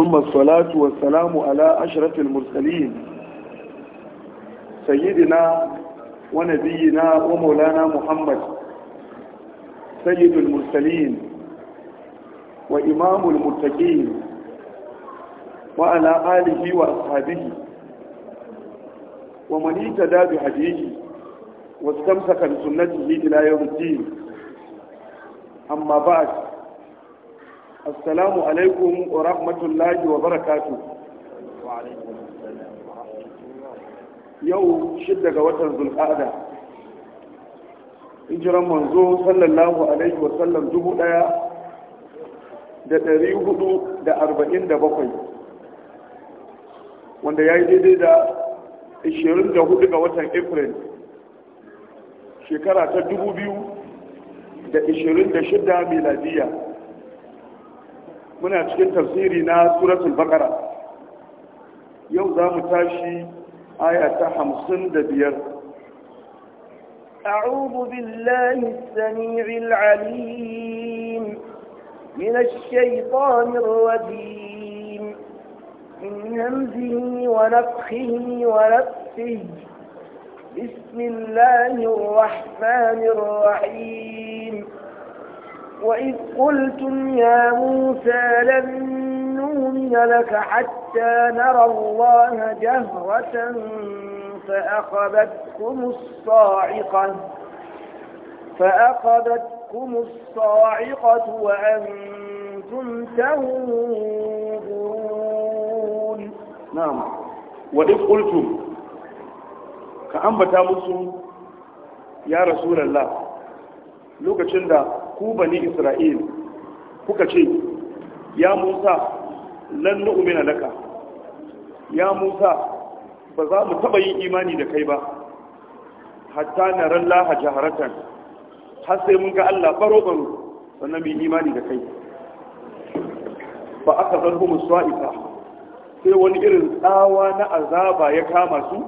ثم الصلاة والسلام على أشرف المرسلين سيدنا ونبينا ومولانا محمد سيد المرسلين وإمام المتقين وعلى آله وأصحابه ومن اهتدى بهديه واستمسك بسنته إلى يوم الدين أما بعد assalamu alaikum wa rahmatullahi wa barakatu yau shidda ga watan zulqa'ada hijiran manzo sallallahu alaihi wa sallam dubu da dari hudu da arba'in da bakwai wanda ya yi daidai da ishirin da hudu ga watan april shekara ta dubu biyu da ishirin da shida miladiyya muna cikin tafsiri na suratul baqara yau za mu tashi aya ta hamsin da biyar أعوذ بالله السميع العليم من الشيطان الرجيم من همزه ونفخه ونفسه بسم الله الرحمن الرحيم وإذ قلتم يا موسى لن نؤمن لك حتى نرى الله جهرة فأخذتكم الصاعقة فأخذتكم الصاعقة وأنتم تنظرون نعم وإذ قلتم كأنبتا موسى يا رسول الله لوكا شندا ku bani isra'il kuka ce ya musa lan nu'mina laka ya musa ba za mu taba yin imani da kai ba hatta na jaharatan har sai mun ga Allah baro baro sannan mu imani da kai ba aka zarhu musa'ifa sai wani irin tsawa na azaba ya kama su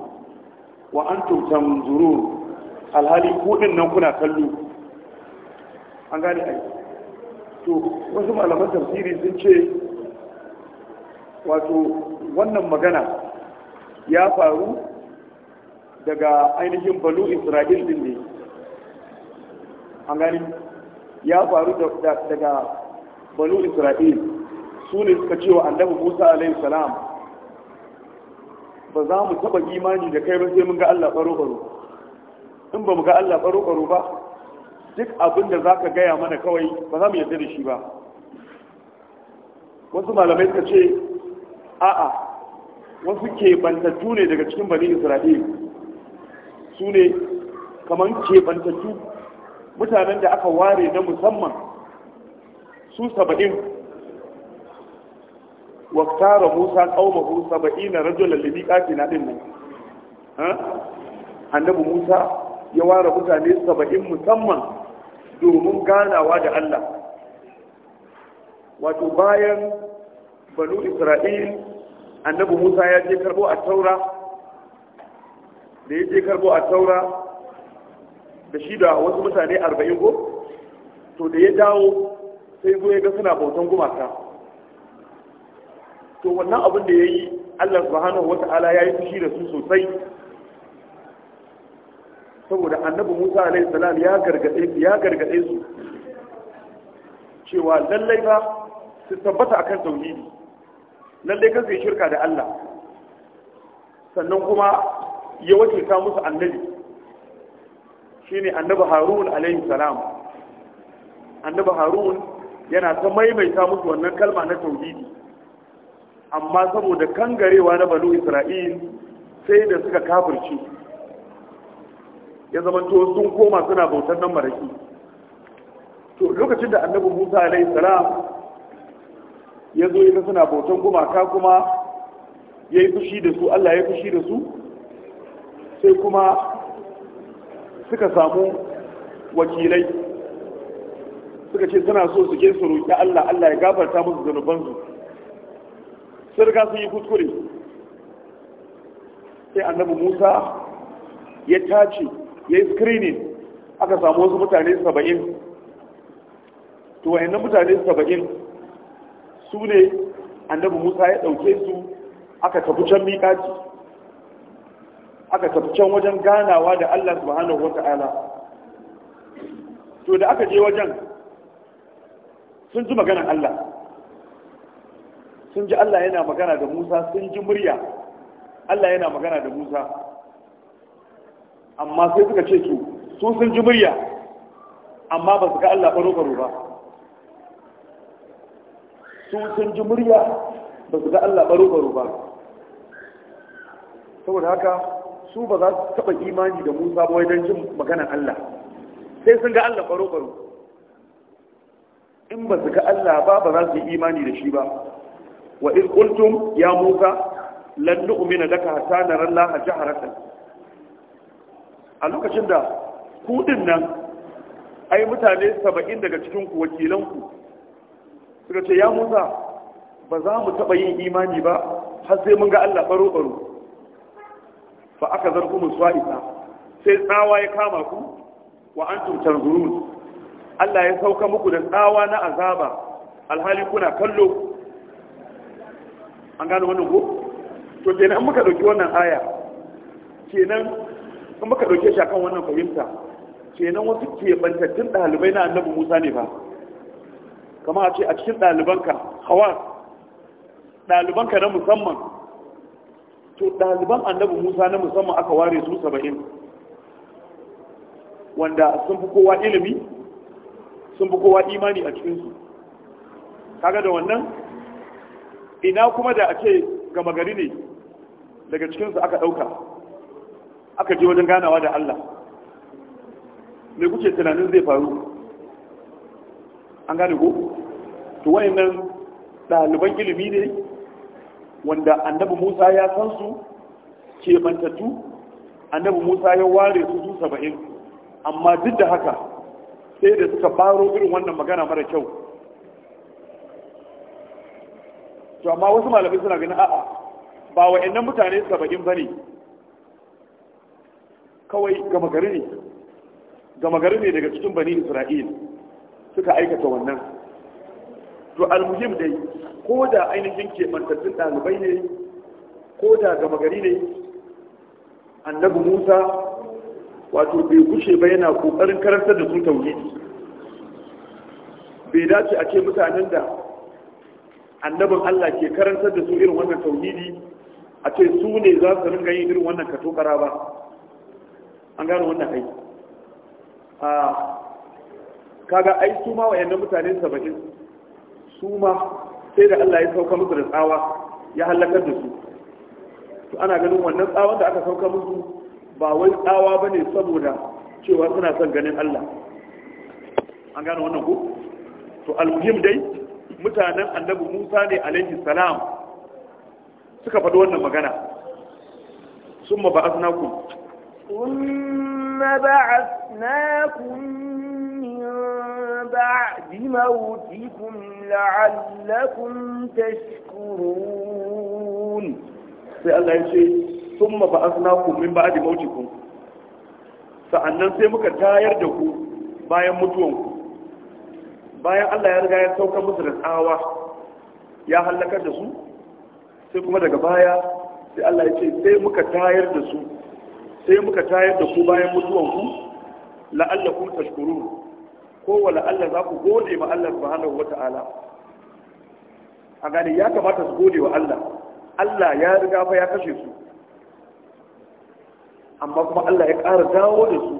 wa antum tanzurun alhali kudin nan kuna kallo an gane ai to wasu malaman tafsiri sun ce wato wannan magana ya faru daga ainihin balu isra'il din ne an gani ya faru daga balu isra'il su ne suka cewa annabi musa alayhi salam ba za mu taba imani da kai ba sai mun ga allah baro baro in ba mu ga allah baro baro ba duk abin da za ka gaya mana kawai ba za mu yarda da shi ba wasu malamai ka ce a'a wasu keɓantattu ne daga cikin bani isra'il su ne kamar keɓantattu mutanen da aka ware na musamman su saba'in waktara musa ƙaumahu saba'in na rajular libiƙaƙi na ɗin nan annabi musa ya ware mutane saba'in musamman domin ganawa da Allah wato bayan banu isra'il annabi musa ya je karbo a taura da ya je karbo a taura da shi da wasu mutane arba'in ko to da ya dawo sai zo ya ga suna bautan gumaka to wannan abin da ya yi allah subhanahu wata'ala ya yi fushi da su sosai saboda annabi musa alaihi salam ya gargaɗe ya gargade su cewa lallai ba su tabbata akan tauhidi lallai kan su yi shirka da Allah sannan kuma ya ta musu annabi shine annabi harun alaihi salam annabi harun yana ta maimaita musu wannan kalma na tauhidi amma saboda kangarewa na banu isra'il sai da suka kafirce ya zama zamanto sun koma suna bautar nan maraki to lokacin da annabi musa alaihi salam ya zo ita suna bautan gumaka kuma ya yi fushi da su allah ya fushi da su sai kuma suka samu wakilai suka ce suna so su je su roƙi allah allah ya gafarta musu zanubansu sun riga sun yi kuskure sai annabi musa ya tace ya yi screening aka samu wasu mutane 70 to wayannan mutane 70 su ne annabi musa ya dauke su aka tafi can miƙaci aka tafi can wajen ganawa da allah subhanahu wata'ala to da aka je wajen sun ji maganan allah sun ji allah yana magana da musa sun ji murya allah yana magana da musa amma sai suka ce su su sun ji murya amma ba su ga Allah baro baro ba su sun ji murya ba su ga Allah baro baro ba saboda haka su ba za su taɓa imani da Musa ba wajen jin maganar Allah sai sun ga Allah baro baro in ba su ga Allah ba ba za su yi imani da shi ba wa in qultum ya Musa lan nu'mina laka hatta nara Allah jaharatan a lokacin da kudin nan ai mutane saba'in daga cikinku wakilanku suka ce ya musa ba za mu taɓa yin imani ba har sai mun ga allah baro-baro fa aka zarku mu swa'ita sai tsawa ya kama ku wa an tuntar allah ya sauka muku da tsawa na azaba alhali kuna kallo an gano wannan ko to kenan muka ɗauki wannan aya kenan in muka ɗauke shi akan wannan fahimta kenan wasu ke bantattun ɗalibai na annabi musa ne ba kama a ce a cikin ɗalibanka hawa ɗalibanka na musamman to ɗaliban annabi musa na musamman aka ware su saba'in wanda sun fi kowa ilimi sun fi kowa imani a cikinsu kaga da wannan ina kuma da a ce gama gari ne daga cikinsu aka ɗauka aka ji wajen ganawa da Allah me kuke tunanin zai faru an gane ko to wayannan ɗaliban ilimi ne wanda annabi Musa ya san su ke annabi Musa ya ware su su saba'in amma duk da haka sai da suka faro irin wannan magana mara kyau to amma wasu malamai suna gani a'a ba wa'annan mutane saba'in ba ne kawai gama gari ne gama gari ne daga cikin bani isra'il suka aikata wannan to almuhim dai ko da ainihin mantattun ɗalibai ne ko da gama gari ne annabi musa wato bai gushe ba yana ƙoƙarin karantar da sun tauhidi bai dace a ce mutanen da annabin allah ke karantar da su irin wannan tauhidi a ce su ne za su ringa yin irin wannan katokara ba an gano wannan ai a kaga ai su ma wayannan mutane saba'in su ma sai da Allah ya sauka musu da tsawa ya halakar da su to ana ganin wannan tsawon da aka sauka musu ba wai tsawa bane saboda cewa suna son ganin Allah an gano wannan ku to al-muhim dai mutanen annabi Musa ne alaihi salam suka faɗi wannan magana summa ba'athnakum ثم بعثناكم من بعد موتكم لعلكم تشكرون sai Allah ya ce sun mafa asnaku min ba'adi mautikun sa'annan sai muka tayar da ku bayan mutuwanku bayan Allah ya riga ya sauka musu da tsawa ya hallakar da su sai kuma daga baya sai Allah ya ce sai muka tayar da su sai muka tayar da ku bayan mutuwanku la'allakum tashkurun ko wa la'alla za ku gode ma Allah subhanahu wata'ala a gane ya kamata su gode wa Allah Allah ya riga fa ya kashe su amma kuma Allah ya ƙara dawo da su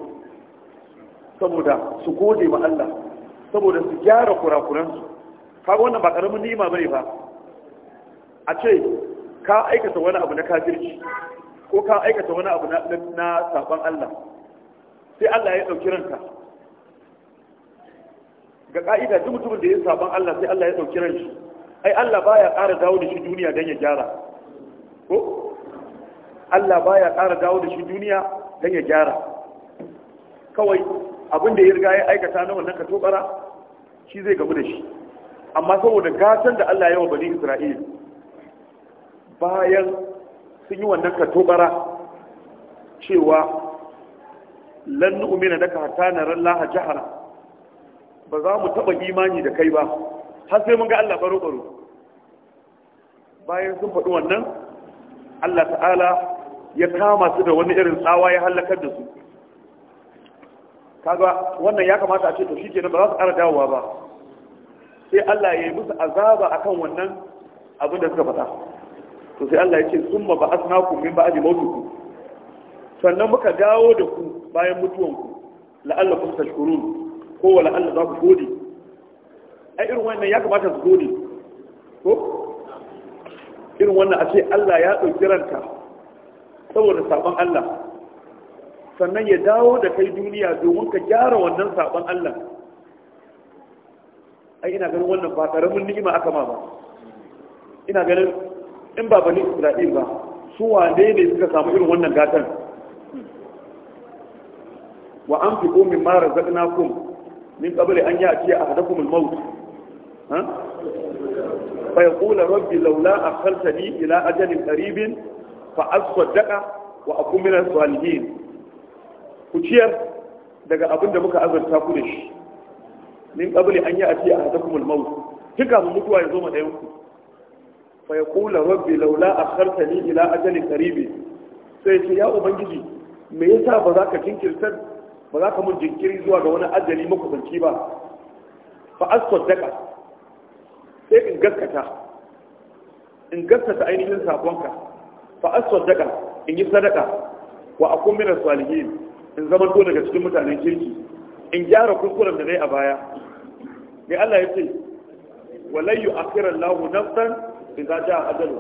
saboda su gode ma Allah saboda su gyara kurakuransu Ka wannan ba karamin ni'ima bane ba a ce ka aikata wani abu na kafirci ko ka aikata wani abu na saban Allah sai Allah ya ɗauki ranka ga ka'ida duk mutumin da ya saban Allah sai Allah ya ɗauki ran shi ai Allah baya ƙara dawo da shi duniya don ya gyara ko Allah baya ƙara dawo da shi duniya don ya gyara kawai abin da ya riga ya aikata na wannan ka tobara shi zai gamu da shi amma saboda gasan da Allah ya wa bani Isra'il bayan sun yi wannan katobara cewa lan ka laka hatta ran Laha jahara ba za mu taba imani da kai ba har sai mun ga Allah baro baro bayan sun faɗi wannan Allah ta'ala ya kama su da wani irin tsawa ya halakar da su kaga wannan ya kamata a ce to shikenan ba za su ƙara dawowa ba sai Allah ya yi musu azaba akan wannan abin da suka faɗa to sai Allah ya ce sun ma ba'as naku min ba'adi mautuku sannan muka dawo da ku bayan mutuwanku la'alla kun tashkurun ko wa la'alla za ku gode ai irin wannan ya kamata su gode ko irin wannan a ce Allah ya ɗauki ranka saboda sabon Allah sannan ya dawo da kai duniya domin ka gyara wannan sabon Allah ai ina ganin wannan ba ƙaramin ni'ima aka ma ba ina ganin in ba bani isra'il ba su wane ne suka samu irin wannan gatan wa an fi komin mara zaɗina kun min ƙabari an yi a ciye a hadakun mulmaut bai kula rabbi laula a kaltani ila ajalin ƙaribin fa aswaddaka wa a kuminar salihin ku ciyar daga abin da muka azurta ku da shi min ƙabari an yi a ciye a hadakun mulmaut tun mu mutuwa ya zo ma ɗayan ku fa ya kula rabbi laula akhartani ila ajali qaribi sai ce ya ubangiji me yasa ba za ka ba za ka mun jinkiri zuwa ga wani ajali makusanci ba fa asaddaqa sai in gaskata in gaskata ainihin sakonka fa asaddaqa in yi sadaka wa akun min salihin in zama to daga cikin mutanen kirki in gyara kuskuren da nayi a baya me Allah ya ce walayyu akhiran lahu nafsan idan ja ajalu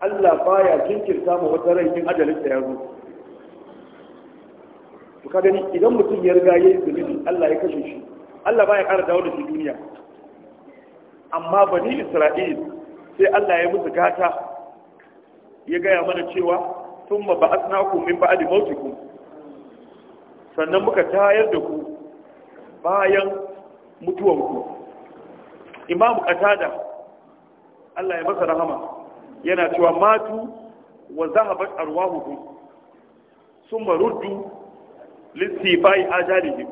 Allah baya jinkirta mu wata rai in ajalin da ya to ka gani idan mutum ya riga yayi zunubi Allah ya kashe shi Allah baya ƙara dawo da shi duniya amma bani Isra'il sai Allah ya musu gata ya gaya mana cewa thumma ba'athnakum min ba'di mautikum sannan muka tayar da ku bayan mutuwanku imam qatada Allah ya masa rahama yana cewa matu wa zahabat arwahuhum summa ruddu a ajalihim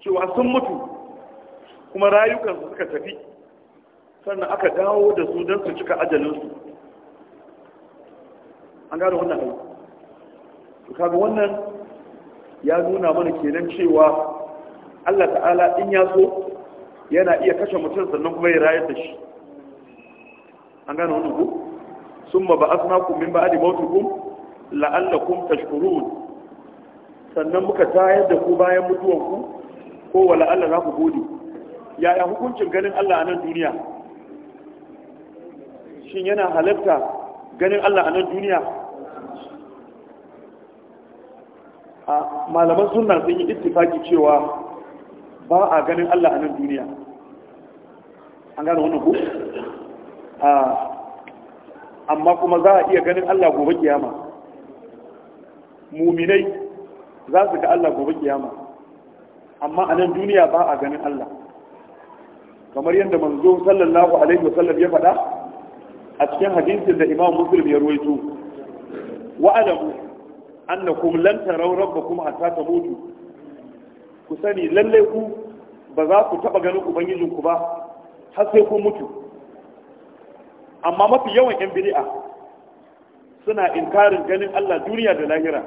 cewa sun mutu kuma rayukansu suka tafi sannan aka dawo da su don su cika ajalinsu an gano wannan abu to kaga wannan ya nuna mana kenan cewa Allah ta'ala in ya so yana iya kashe mutum sannan kuma ya rayar da shi an gane wani ku a ba'athnakum min ba'di la'alla kun tashkurun sannan muka tayar da ku bayan mutuwanku ko wa la'alla za ku gode yaya hukuncin ganin Allah a nan duniya shin yana halatta ganin Allah a nan duniya a malaman suna sun yi ittifaki cewa ba a ganin Allah a nan duniya an gane wani ku amma kuma za a iya ganin Allah gobe kiyama muminai za su ga Allah gobe kiyama amma a nan duniya ba a ganin Allah kamar yadda manzo sallallahu alaihi wasallam ya faɗa a cikin hadisin da imam muslim ya ruwaito wa alamu annakum lan kuma rabbakum hatta tamutu ku sani lalle ku ba za ku taba ganin ubangijinku ba har sai ku mutu amma mafi yawan yan bid'a suna inkarin ganin Allah duniya da lahira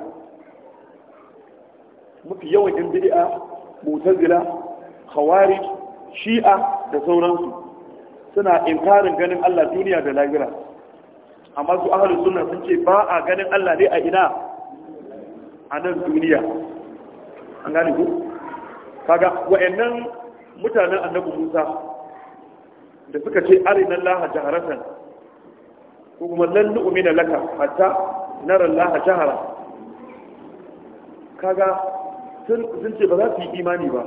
mafi yawan yan bid'a mu'tazila khawarij shi'a da sauransu suna inkarin ganin Allah duniya da lahira amma su ahli sunna sun ce ba a ganin Allah ne a ina a nan duniya an gane ku kaga wa'annan mutanen annabi Musa da suka ce arinan laha jaharatan kuma lan nu'mina laka hatta nara Allah jahara kaga sun ce ba za su yi imani ba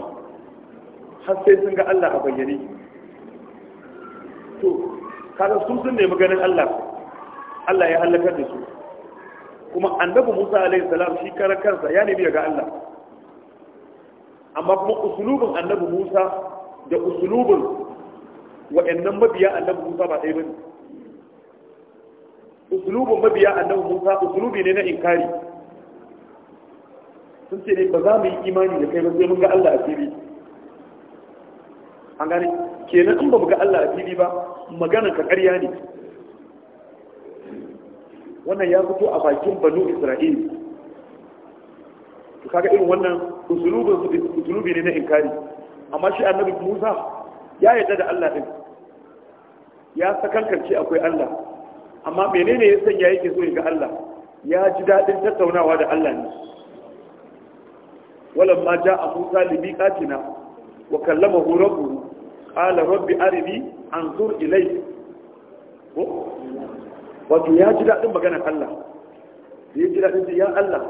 har sai sun ga Allah a bayyane to kaga sun sun nemi ganin Allah Allah ya halakar da su kuma annabi Musa alaihi salam shi karan kansa ya nemi ga Allah amma kuma usulubin annabi Musa da usulubin wa'annan mabiya annabi Musa ba ɗaya bane usulubin mabiya annabi Musa usulubi ne na inkari sun ce ne ba za mu yi imani da kai ba sai mun ga Allah a fili an gane kenan in ba mu ga Allah a fili ba maganar ka ƙarya ne wannan ya fito a bakin banu Isra'il to kaga irin wannan usulubin su usulubi ne na inkari amma shi annabi Musa ya yarda da Allah din ya sakankance akwai Allah amma menene ya sanya yake so ga Allah ya ji daɗin tattaunawa da Allah ne walam ma ja'a Musa li miqatina wa kallamahu rabbu qala rabbi arini anzur ilayk ko wato ya ji daɗin maganar Allah ya ji daɗin ya Allah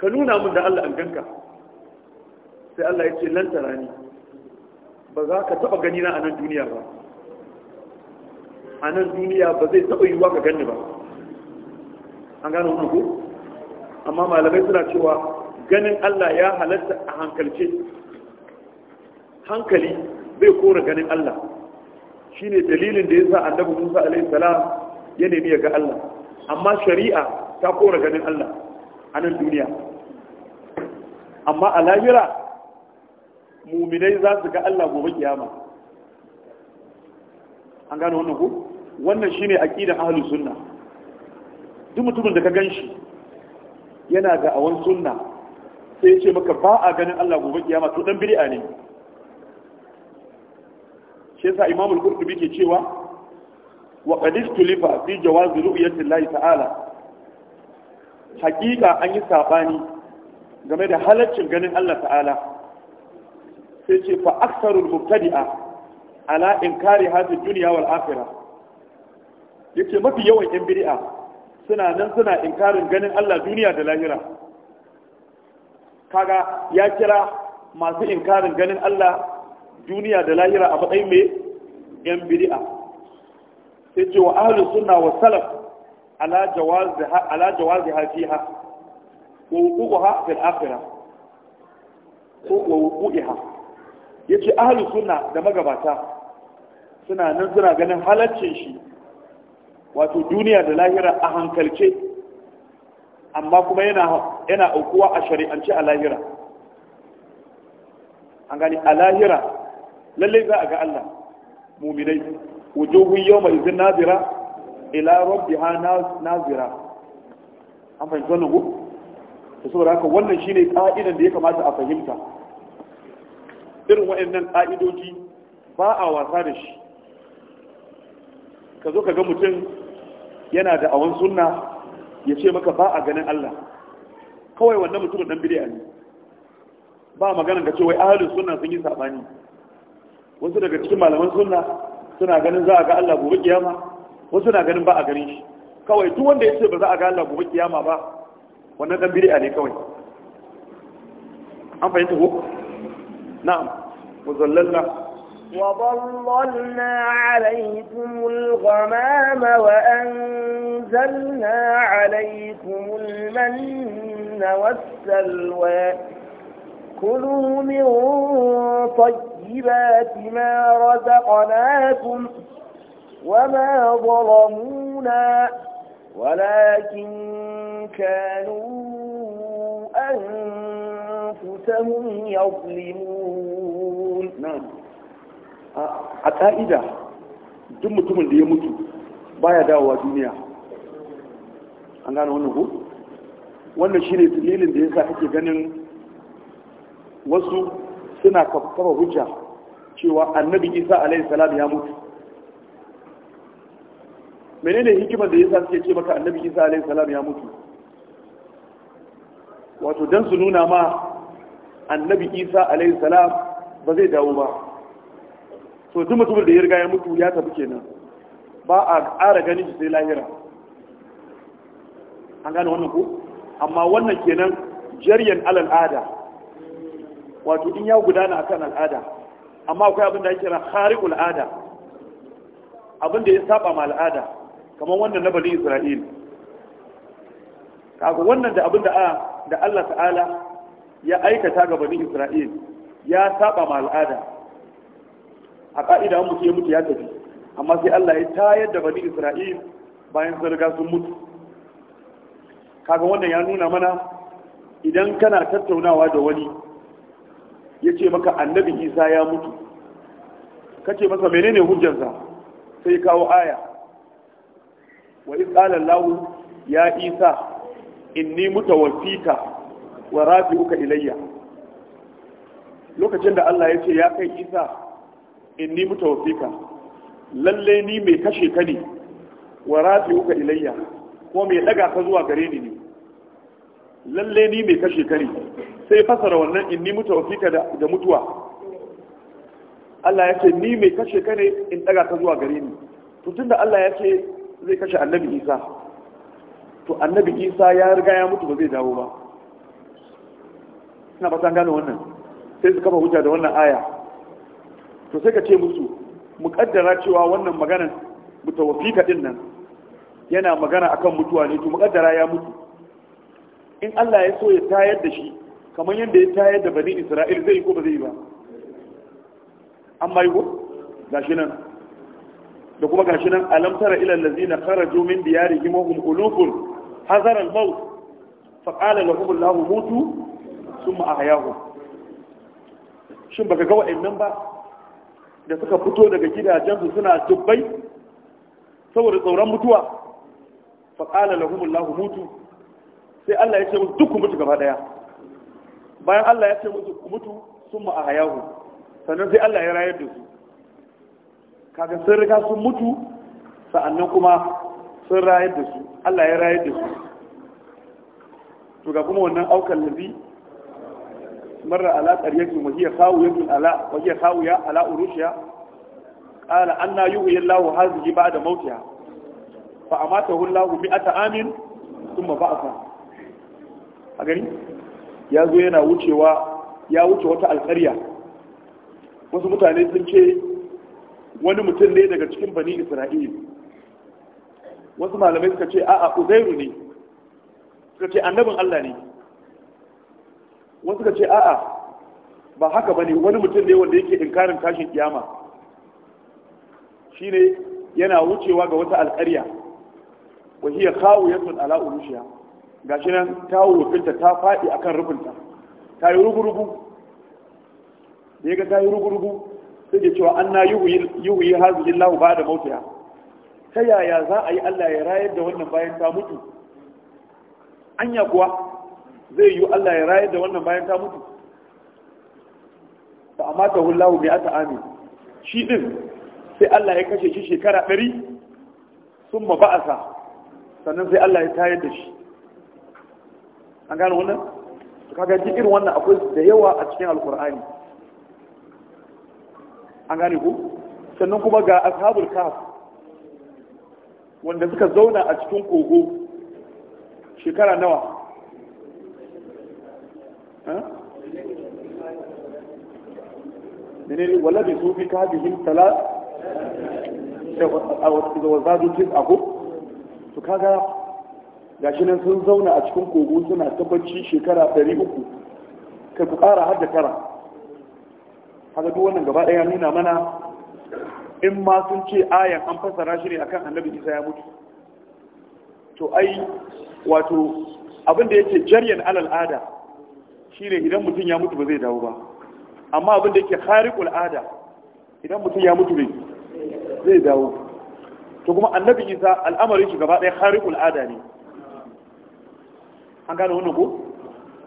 ka nuna min da Allah an ganka sai Allah ya ce lantarani ba za ka taba gani na a nan duniya ba a nan duniya ba zai taɓa yiwuwa ga ganni ba an gane wani ku amma malamai suna cewa ganin Allah ya halatta a hankalce hankali zai kora ganin Allah Shi ne dalilin da ya sa annabi Musa alaihi salam ya nemi ya ga Allah amma shari'a ta kora ganin Allah a nan duniya amma a lahira muminai za su ga Allah gobe kiyama an gane wannan ko wannan shi shine aqidan ahlus sunna duk mutumin da ka gan shi yana ga awon sunna sai ce maka ba a ganin Allah gobe kiyama to dan biri'a ne shi yasa imamul qurtubi ke cewa wa qad istulifa fi jawaz ru'yati Allah ta'ala hakika an yi sabani game da halaccin ganin Allah ta'ala sai ce fa aksarul mubtadi'a ala inkari hadin duniya wal akhirah yace mafi yawan yan bid'a suna nan suna inkarin ganin Allah duniya da lahira kaga ya kira masu inkarin ganin Allah duniya da lahira a matsayin mai yan bid'a Ya ce wa ahlu sunna wa salaf ala jawaziha ala jawaziha fiha wa wuquha fil akhirah ko wa wuquha yace ahlu sunna da magabata suna nan suna ganin halaccin shi wato duniya da lahira a hankalce amma kuma yana aukuwa a shari'ance a lahira an gani a lahira lallai za a ga Allah muminai wujuhun yau mai zin nazira ila ha nazira an fahimta wannan ku ta saboda haka wannan shine ka'idan da ya kamata a fahimta irin waɗannan ka'idoji ba a wasa da shi ka zo ka ga mutum yana da awon sunna ya ce maka ba a ganin Allah kawai wannan mutumin dan bid'a ne ba magana ga cewa ahlus sunna sun yi sabani wasu daga cikin malaman sunna suna ganin za a ga Allah gobe kiyama wasu na ganin ba a ganin shi kawai duk wanda ya ce ba za a ga Allah gobe kiyama ba wannan dan bid'a ne kawai an fahimta ko na'am muzallalla وظللنا عليكم الغمام وأنزلنا عليكم المن والسلوى كلوا من طيبات ما رزقناكم وما ظلمونا ولكن كانوا أنفسهم يظلمون نعم a ƙa'ida duk mutumin da ya mutu baya dawowa duniya an gane wannan ko wannan shi ne tunilin da ya sa kake ganin wasu suna kafa hujja cewa annabi isa alaihi salam ya mutu menene hikimar da ya sa suke ce maka annabi isa alaihi salam ya mutu wato don su nuna ma annabi isa alaihi salam ba zai dawo ba so duk mutumin da ya riga ya mutu ya tafi kenan ba a ƙara ganin shi sai lahira an gane wannan ko amma wannan kenan jaryan alal ada wato in ya gudana a kan al'ada amma akwai abin da ake kira al'ada, ada abin da ya saba ma al'ada kamar wannan na bani isra'il kaga wannan da abin da da Allah ta'ala ya aikata ga bani isra'il ya saba ma al'ada a ka'ida mutu ya mutu ya tafi amma sai Allah ya tayar da bani Isra'il bayan sarga sun mutu kaga wannan ya nuna mana idan kana tattaunawa da wani ya ce maka annabi Isa ya mutu kace masa menene hujjarsa sai kawo aya wa iz ya Isa inni mutawaffika wa rafi rafi'uka ilayya lokacin da Allah ya ce ya kai Isa In ni inni mutawaffika lalle ni mai kashe ka ne wa uka ilayya ko mai daga ka zuwa gare ni ne lalle ni mai kashe ka ne sai fasara wannan in ni mutawaffika da da mutuwa Allah ya ce ni mai kashe ka ne in daga ka zuwa gare ni to tunda Allah ya ce zai kashe Annabi Isa to Annabi Isa ya riga ya mutu ba zai dawo ba ina ba san gane wannan sai su kafa hujja da wannan aya to sai ka ce musu mu cewa wannan maganan mutawaffika din nan yana magana akan mutuwa ne to mu ya mutu in Allah ya so ya tayar da shi kamar yadda ya tayar da bani Isra'il zai ko ba zai ba amma yi gashi nan da kuma gashi nan alam tara ila allazina kharaju min diyarihim wa hum ulufun hazara al-maut fa qala lahum Allahu mutu thumma ahyahum shin baka ga wa'annan ba da suka fito daga gidajensu suna dubbai saboda tsoron mutuwa faƙala lahumullahu mutu sai Allah ya ce musu duk mutu gaba daya bayan Allah ya ce musu mutu sun ma hayahu sannan sai Allah ya rayar da su kaga sun riga sun mutu sa'annan kuma sun rayar da su Allah ya rayar da su to ga kuma wannan aukan labi مر على قرية وهي خاوية على وهي خاوية على أوروشيا قال أن يحيي الله هذه بعد موتها فأماته الله مئة عام ثم بعثها أغني يا زوينا وچوا يا wuce wata alƙarya wasu mutane sun ce wani mutum ne daga cikin bani isra'il wasu malamai suka ce a'a uzairu ne suka ce annabin allah ne wasu ka ce a'a ba haka bane wani mutum ne wanda yake inkarin tashin kiyama shine yana wucewa ga wata alƙarya wa hiya sun ala Ga gashi nan ta wufinta ta faɗi akan rufinta ta yi rugurugu da ya ga ta yi rugurugu sai da cewa an na yuhuyi hazihin lahu ba da mautiya ta yaya za a yi allah ya rayar da wannan bayan ta mutu anya kuwa zai yi Allah ya rayar da wannan bayan ta mutu fa amma ta hullahu bi ata amin shi din sai Allah ya kashe shi shekara sun summa ba'asa sannan sai Allah ya tayar da shi an gano wannan kaga ji irin wannan akwai da yawa a cikin alkur'ani an gane ku sannan kuma ga ashabul kaf wanda suka zauna a cikin kogo shekara nawa menene wala bi su fi kabihim talat a wasu da wazadu kis ako to kaga gashi nan sun zauna a cikin kogo suna tabbaci shekara 300 Ka ku ƙara har da haka duk wannan gaba ɗaya nuna mana in ma sun ce ayan an fasa shi ne akan annabi isa ya mutu to ai wato abin da yake jaryan al'ada shine idan mutum ya mutu ba zai dawo ba amma abin da yake khariqul ada idan mutum ya mutu bai zai dawo to kuma annabi Isa al'amarin shi gaba ɗaya khariqul ada ne an gane wannan ko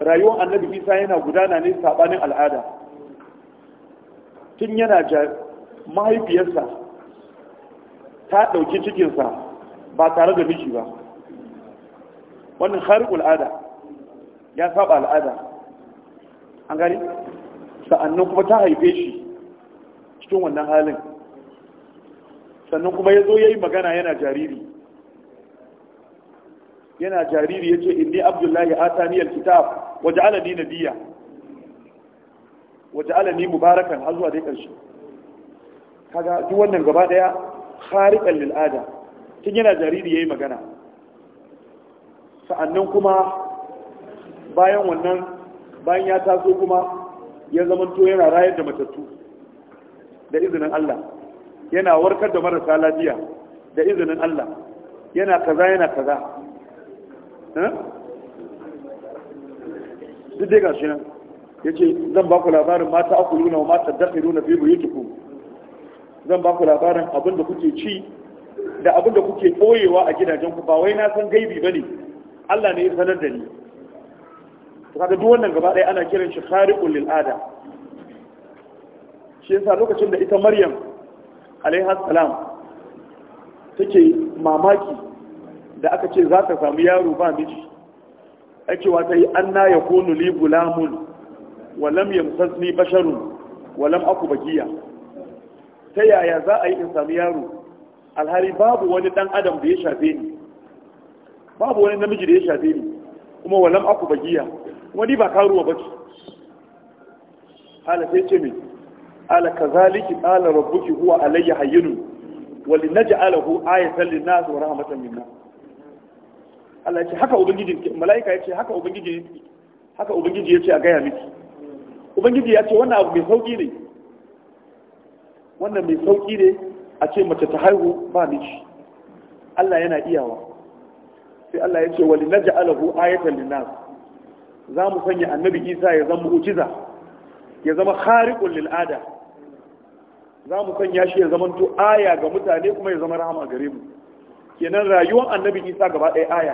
rayuwar annabi Isa yana gudana ne sabanin al'ada tun yana ja mahaifiyarsa ta ɗauki cikinsa ba tare da miji ba wannan harikul ada ya saba al'ada an gani sa'annan kuma ta haife shi cikin wannan halin sannan kuma ya zo ya yi magana yana jariri yana jariri ya ce inni abdullahi A. taniyar kita. waje alani biya. waje alani mubarakan har zuwa dai ƙarshe kaga duk wannan gaba daya khariqan lil'ada tun yana jariri ya yi magana sa'annan kuma bayan wannan bayan ya taso kuma ya zamanto yana rayar da matattu da izinin Allah yana warkar da marasa lafiya da izinin Allah yana kaza yana kaza duk dai gashi nan ya ce zan ba ku labarin mata aku nuna wa mata daɗe nuna fi buyi tuku zan ba ku labarin abin da kuke ci da abin da kuke ɓoyewa a gidajen ku ba wai na san gaibi ba ne Allah ne ya sanar da ni to kaga duk wannan gaba ɗaya ana kiran shi khariqul lil ada shi yasa lokacin da ita maryam alaiha salam take mamaki da aka ce za ta samu yaro ba miji ai cewa ta yi anna yakunu li gulamun wa lam yamsasni basharun wa lam aku bakiya ta yaya za a yi in samu yaro alhari babu wani dan adam da ya shafe ni babu wani namiji da ya shafe ni kuma walam aku bakiya kuma ni ba karuwa ba ki ala sai ce mai ala zaliki ala rabbuki huwa alayya hayyinun walinaj'alahu ayatan linnas wa rahmatan minna Allah ce haka ubangiji malaika ya ce haka ubangiji haka ubangiji ce a gaya miki ubangiji ya ce wannan abu mai sauki ne wannan mai sauki ne a ce mace ta haihu ba miki Allah yana iyawa sai Allah ya ce na ji yace salli na su za mu sanya annabi isa ya zama mu'jiza ya zama khariqul lil ada za mu sanya shi ya zama to aya ga mutane kuma ya zama rahama gare mu kenan rayuwar annabi isa gaba ɗaya aya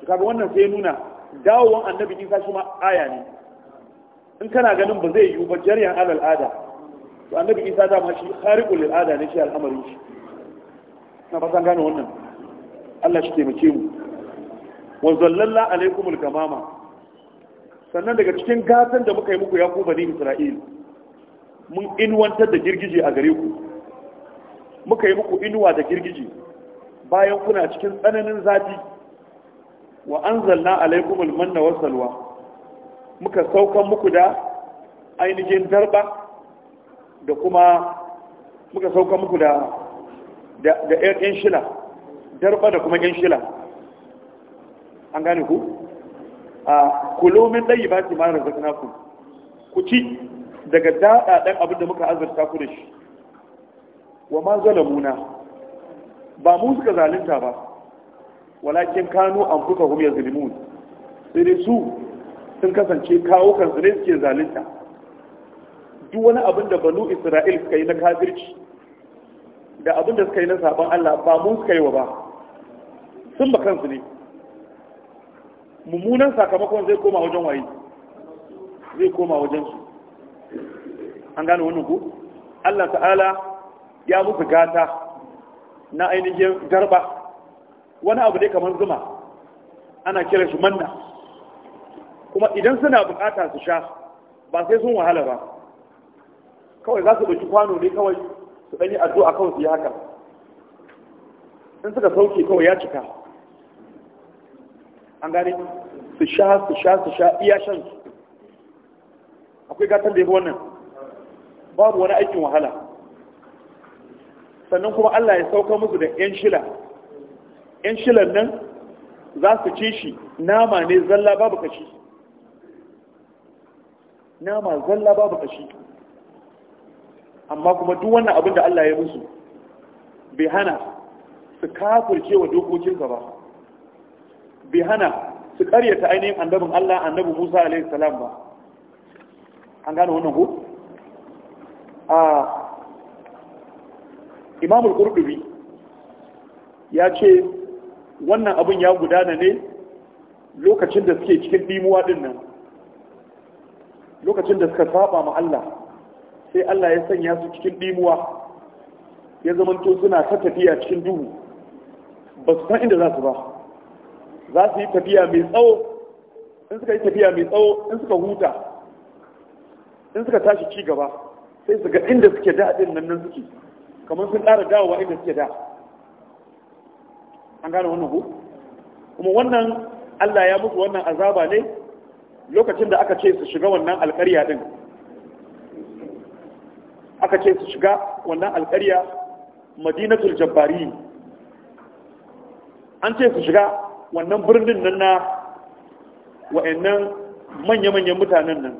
ne kaga wannan sai nuna dawowar annabi isa shi ma aya ne in kana ganin ba zai yiwu ba jaryan alal ada to annabi isa ma shi khariqul lil ada ne shi al'amarin shi na fatan gane wannan Allah shi taimake mu wa zallalla alaikumul gamama sannan daga cikin gatan da muka yi muku ya ku bani isra'il mun inuwantar da girgije a gare ku muka yi muku inuwa da girgije bayan kuna cikin tsananin zafi wa anzalna alaikumul manna wa salwa muka saukan muku da ainihin darba da kuma muka saukan muku da da ƴan shila darba da kuma ƴan shila an gane ku a kulomin ɗayi ba ki mara zakana ku ku ci daga daɗaɗen abin da muka azurta ku da shi wa ma zalamuna ba mu suka zalunta ba walakin kanu an fuka hum yazlimun sai dai su sun kasance kawo kansu ne suke zalunta duk wani abin da banu isra'il suka yi na kafirci da abin da suka yi na sabon Allah ba mu suka yi wa ba sun ba kansu ne mummunan sakamakon zai koma wajen waye zai koma wajen su an gane wannan ku Allah ta'ala ya musu gata na ainihin garba wani abu dai kamar zuma ana kira shi manna kuma idan suna bukata su sha ba sai sun wahala ba kawai za su ɗauki kwano ne kawai su ɗanyi addu'a kawai su yi haka in suka sauke kawai ya cika an gane su sha su sha su sha iya shan su akwai gatan da ya wannan babu wani aikin wahala sannan kuma Allah ya sauka musu da yan shila yan shilan nan za su ci shi nama ne zalla babu kashi nama zalla babu kashi amma kuma duk wannan abin da Allah ya musu bai hana su kafurce wa dokokinsa ba bai hana su karyata ainihin annabin Allah annabi Musa alaihi salam ba an gane wannan ko a Imam al-Qurtubi ya ce wannan abun ya gudana ne lokacin da suke cikin dimuwa din nan lokacin da suka saba ma Allah sai Allah ya sanya su cikin dimuwa ya zamanto suna ta tafiya cikin duhu ba su san inda za su ba za su yi tafiya mai tsawo in suka yi tafiya mai tsawo in suka huta in suka tashi ci gaba sai su ga inda suke da din nan nan suke kamar sun ƙara dawowa inda suke da an gane wannan ku kuma wannan Allah ya mutu wannan azaba ne lokacin da aka ce su shiga wannan alƙarya din aka ce su shiga wannan alƙarya madinatul jabbari an ce su shiga wannan birnin nan na wa'annan manya-manyan mutanen nan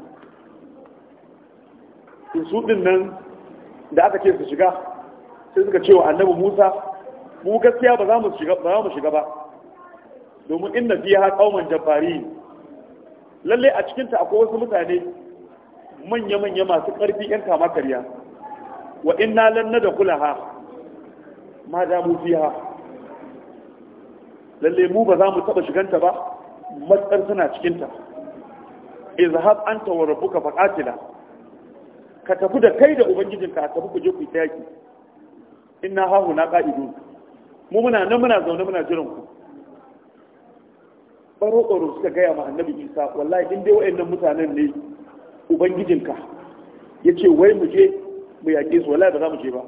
su ɗin nan da aka ce su shiga sai suka ce wa annabi musa mu gaskiya ba za mu shiga ba domin inda fiye ha kauman jabari lalle a cikinta akwai wasu mutane manya-manya masu ƙarfi 'yan kama karya wa na da kula ha ma damu fiye ha lalle mu ba za mu taba shiganta ba matsar suna cikinta izhab anta wa rabbuka faqatila ka tafi da kai da ubangijinka ka tafi ku je ku yi yaki inna hahu na qa'idun mu muna nan muna zaune muna jiran ku baro baro suka gaya ma annabi Isa wallahi in dai wayannan mutanen ne ubangijinka yace wai mu je mu yake su wallahi ba za mu je ba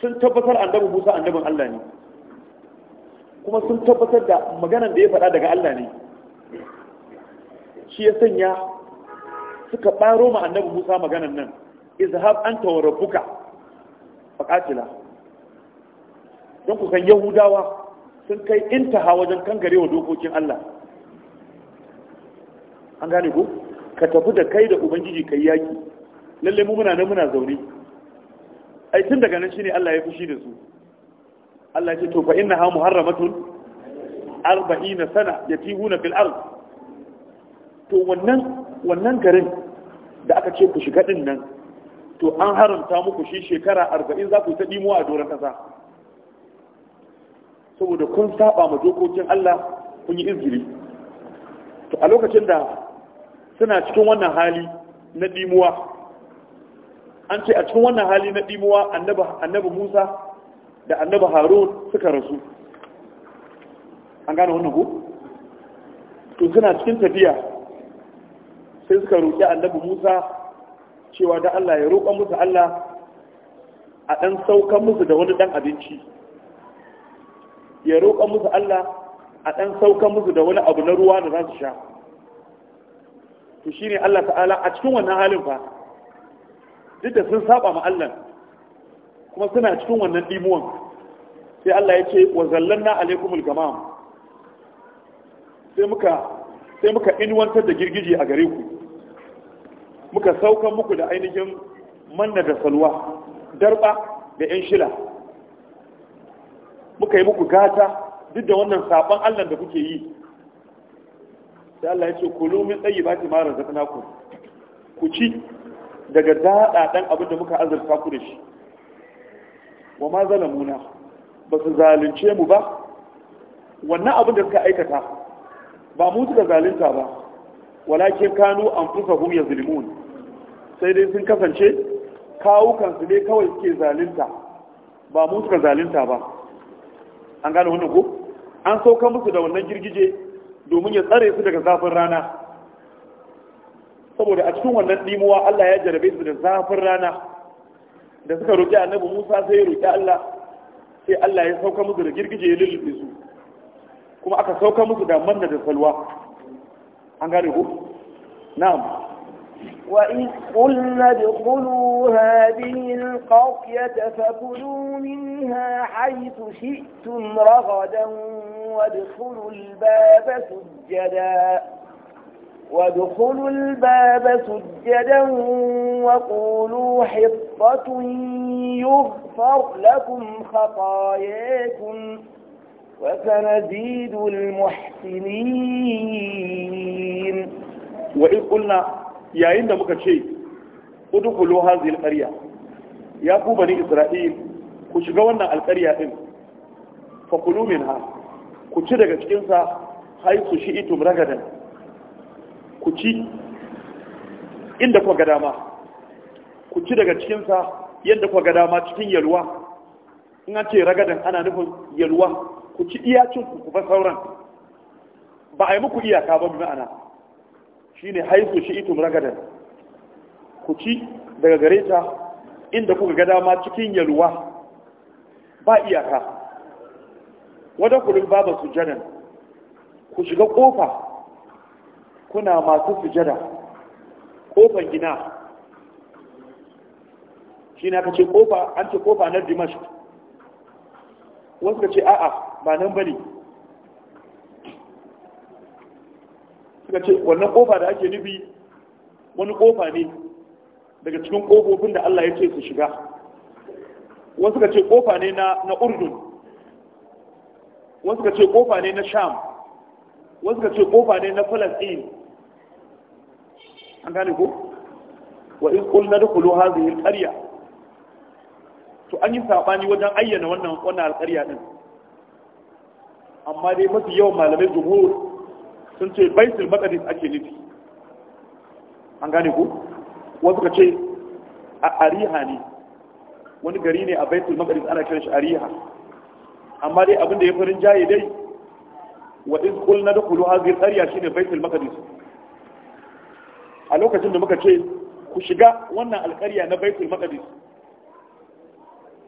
sun tabbatar annabi Musa annabin Allah ne kuma sun tabbatar da maganar da ya faɗa daga Allah ne shi ya sanya suka ɓaro ma annabi Musa maganar nan izhab anta wa rabbuka faqatila don ku san yahudawa sun kai intaha wajen kangarewa dokokin Allah an gane ku ka tafi da kai da ubangiji kai yaki lalle mu muna nan muna zaune ai tun daga nan shine Allah ya fushi da su Allah ya ce to fa innaha muharramatun 40 sana yatihuna fil ard to wannan wannan garin da aka ce ku shiga din nan to an haramta muku shi shekara 40 za ku ta dimo a doron kasa saboda kun saba ma dokokin Allah kun yi izgiri to a lokacin da suna cikin wannan hali na dimuwa an ce a cikin wannan hali na ɗimuwa annabi musa da annabi harun suka rasu an gane wannan ku? to suna cikin tafiya sai suka roƙi annabi musa cewa da allah ya roƙa musu allah a ɗan saukan musu da wani ɗan abinci ya roƙa musu allah a ɗan saukan musu da wani abu na ruwa da za su sha to shine allah ta'ala a cikin wannan halin fa duk da sun saba ma Allah kuma suna cikin wannan dimuwan sai Allah ya ce wa zallanna alaikumul gamam sai muka sai muka inwantar da girgiji a gare ku muka saukan muku da ainihin manna da salwa darba da yan shila muka yi muku gata duk da wannan saban Allah da kuke yi sai Allah ya ce kulumin tsayi ba ki mara ku ci daga daɗaɗen abin da muka azurta ku da shi wa ma zalamuna ba su zalunce mu ba wannan abin da suka aikata ba mu suka zalunta ba walakin kanu an fusa ya zulmun sai dai sun kasance kawukansu ne kawai suke zalunta ba mu suka zalunta ba an gane wannan ko an sauka musu da wannan girgije domin ya tsare su daga zafin rana saboda a cikin wannan dimuwa Allah ya jarabe su da zafin rana da suka roƙi annabi Musa sai ya roƙi Allah sai Allah ya sauka musu da girgije ya lullube su kuma aka sauka musu da manna da salwa an gane ko, na'am وإذ قلنا ادخلوا هذه القرية فكلوا منها حيث شئتم رغدا وادخلوا الباب سجدا وادخلوا الباب سجدا وقولوا حطة يغفر لكم خطاياكم وسنزيد المحسنين وإذ قلنا يا بك مكتشي ادخلوا هذه القرية يا بني إسرائيل كشغونا القرية إن فكلوا منها كتشدك تشكنسا حيث شئتم رغدا ku ci inda kuka ga dama ku ci daga cikinsa yadda kuka ga dama cikin yalwa in an ce ragadan ana nufin yalwa ku ci iyacin ku ku sauran ba a yi muku iyaka ba ma'ana shine haifu shi itum ragadan ku ci daga gare ta inda kuka ga dama cikin yalwa ba iyaka wadda kulun babu janan, ku shiga kofa kuna masu sujada kofar gina shi na ka ce kofa an ce kofa na dimash wasu ka ce a'a ba nan bane suka ce wannan kofa da ake nufi wani kofa ne daga cikin kofofin da Allah ya ce su shiga wasu ka ce kofa ne na urdun wasu ka ce kofa ne na sham wasu ka ce kofa ne na falasini an gane ko wa in kullu dukulu hadhihi alqarya to an yi sabani wajen ayyana wannan wannan alqarya din amma dai mafi yawan malamai jumhur sun ce baitul maqdis ake nufi an gane ko wa suka ce a ariha ne wani gari ne a baitul maqdis ana kiran shi ariha amma dai abin da ya farin jaye dai wa in kullu dukulu hadhihi alqarya shine baitul maqdis a lokacin da muka ce ku shiga wannan alƙarya na baitul maqdis